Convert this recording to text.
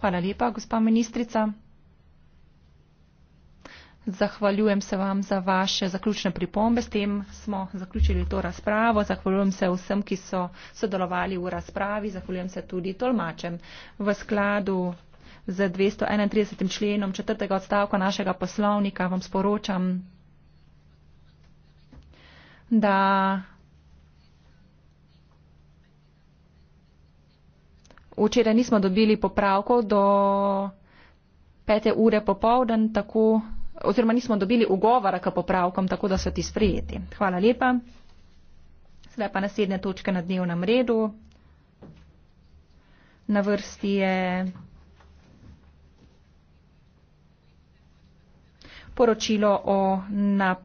Hvala lepa, gospa ministrica. Zahvaljujem se vam za vaše zaključne pripombe. S tem smo zaključili to razpravo. Zahvaljujem se vsem, ki so sodelovali v razpravi. Zahvaljujem se tudi tolmačem. V skladu z 231. členom četrtega odstavka našega poslovnika vam sporočam, da Včeraj nismo dobili popravkov do 5. ure popovdan, tako, oziroma nismo dobili ugovora k popravkom, tako da so ti sprejeti. Hvala lepa. Sedaj pa naslednja točka na dnevnem redu. Na vrsti je poročilo o napravi.